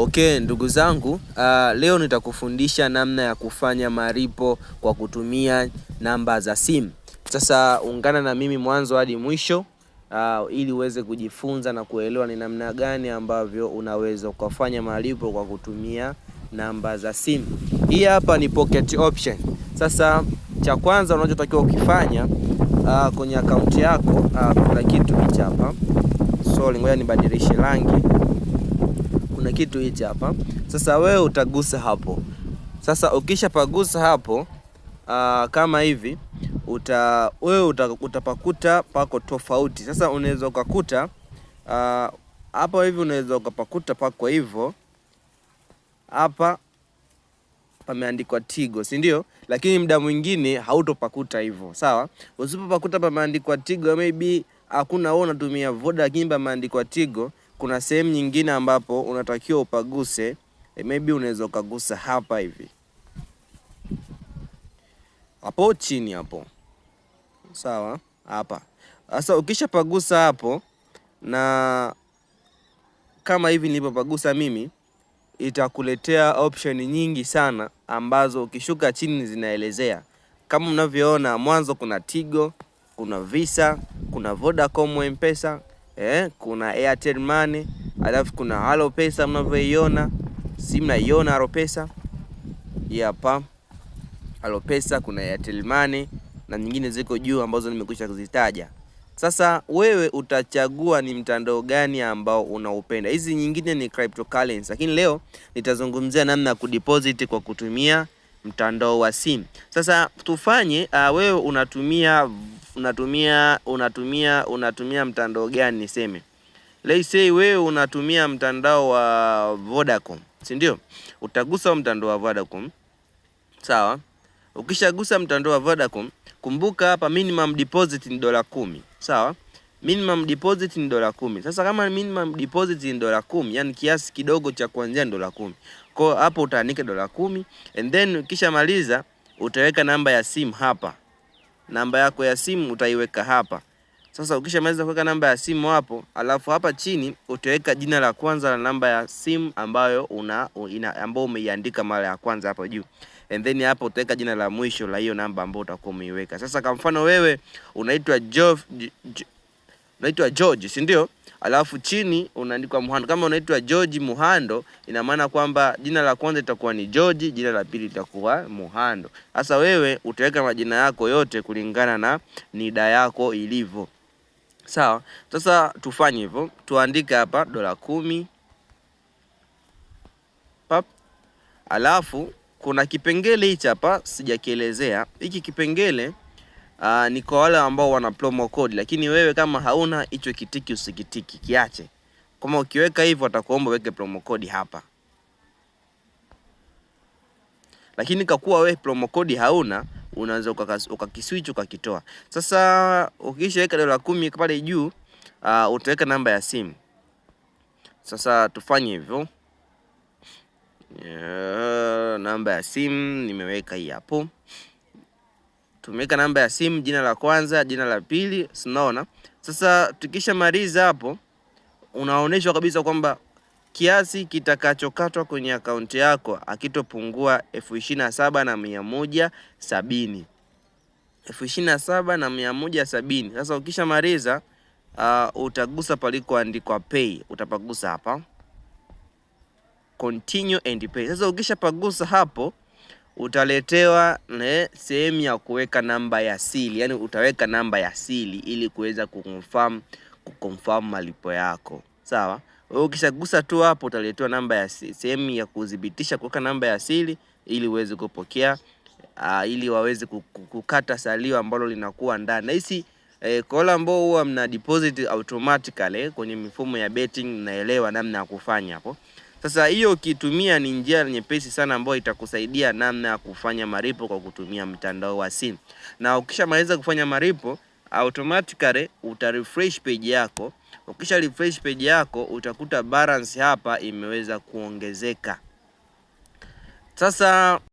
Okay, ndugu zangu, uh, leo nitakufundisha namna ya kufanya malipo kwa kutumia namba za simu. Sasa ungana na mimi mwanzo hadi mwisho uh, ili uweze kujifunza na kuelewa ni namna gani ambavyo unaweza ukafanya malipo kwa kutumia namba za simu. Hii hapa ni pocket option. Sasa cha kwanza unachotakiwa ukifanya uh, ah, kwenye akaunti yako uh, kuna kitu hichi hapa. Sorry, ngoja nibadilishe rangi kuna kitu hichi hapa. Sasa wewe utagusa hapo. Sasa ukisha pagusa hapo aa, ah, kama hivi uta wewe uta, utapakuta pako tofauti. Sasa unaweza ukakuta ah, hapa hivi, unaweza ukapakuta pako hivyo hapa pameandikwa Tigo, si ndio? Lakini mda mwingine hautopakuta hivyo, sawa. Usipopakuta pameandikwa Tigo, maybe hakuna wewe unatumia Voda, lakini pameandikwa Tigo kuna sehemu nyingine ambapo unatakiwa upaguse, eh, maybe unaweza ukagusa hapa hivi hapo chini hapo, sawa hapa. Sasa ukishapagusa hapo na kama hivi nilivyopagusa mimi, itakuletea option nyingi sana ambazo ukishuka chini zinaelezea kama mnavyoona. Mwanzo kuna Tigo, kuna Visa, kuna Vodacom, Mpesa eh, kuna Airtel Money, alafu kuna Halo Pesa mnavyoiona, si mnaiona Halo Pesa hapa Halo Pesa, kuna Airtel Money na nyingine ziko juu ambazo nimekwisha kuzitaja. Sasa wewe utachagua ni mtandao gani ambao unaupenda. Hizi nyingine ni cryptocurrency, lakini leo nitazungumzia namna ya kudeposit kwa kutumia mtandao wa simu. Sasa tufanye uh, wewe unatumia unatumia unatumia unatumia mtandao gani? Niseme let's say wewe unatumia mtandao wa Vodacom, si ndio? Utagusa mtandao wa Vodacom, sawa. Ukishagusa mtandao wa Vodacom, kumbuka hapa minimum deposit ni dola kumi, sawa minimum deposit ni dola kumi. Sasa kama minimum deposit ni dola kumi, yani kiasi kidogo cha kuanzia ni dola kumi. Kwa hiyo hapo utaandika dola kumi and then kisha maliza utaweka namba ya simu hapa, namba yako ya simu utaiweka hapa. Sasa ukishamaliza kuweka namba ya simu hapo, alafu hapa chini utaweka jina la kwanza la namba ya simu ambayo una, una ambayo umeiandika mara ya kwanza hapo juu, and then hapo utaweka jina la mwisho la hiyo namba ambayo utakuwa umeiweka. Sasa kwa mfano wewe unaitwa Geoff unaitwa George, si ndio? Alafu chini unaandikwa Muhando. Kama unaitwa George Muhando, ina maana kwamba jina la kwanza litakuwa ni George, jina la pili litakuwa Muhando. Sasa wewe utaweka majina yako yote kulingana na nida yako ilivyo, sawa? Sasa tufanye hivyo, tuandike hapa dola kumi pap, alafu kuna kipengele hichi hapa sijakielezea, hiki kipengele uh, ni kwa wale ambao wana promo code, lakini wewe kama hauna hicho kitiki usikitiki, kiache. Kama ukiweka hivyo atakuomba weke promo code hapa, lakini kakuwa we promo code hauna unaweza ukakiswitch ukakitoa. Sasa ukishaweka dola kumi pale juu uh, utaweka namba ya simu. Sasa tufanye hivyo. Yeah, namba ya simu nimeweka hii hapo tumeweka namba ya simu, jina la kwanza, jina la pili, sinaona. Sasa tukishamaliza hapo, unaonyeshwa kabisa kwamba kiasi kitakachokatwa kwenye akaunti yako akitopungua elfu ishirini na saba na mia moja sabini elfu ishirini na saba na mia moja sabini. Sasa ukishamaliza uh, utagusa palikoandikwa pay, utapagusa hapa continue and pay. Sasa ukishapagusa hapo utaletewa sehemu ya kuweka namba ya siri, yani utaweka namba ya siri ili kuweza kuconfirm kuconfirm malipo yako, sawa. Wewe ukishagusa tu hapo utaletewa namba ya sehemu ya kudhibitisha kuweka namba ya siri ili uweze kupokea uh, ili waweze kukata salio ambalo linakuwa ndani na hisi eh, kola ambao huwa mna deposit automatically eh, kwenye mifumo ya betting, naelewa namna ya kufanya hapo. Sasa hiyo ukitumia ni njia nyepesi sana ambayo itakusaidia namna ya kufanya malipo kwa kutumia mtandao wa simu, na ukishamaliza kufanya malipo automatically uta refresh page yako. Ukisha refresh page yako utakuta balance hapa imeweza kuongezeka sasa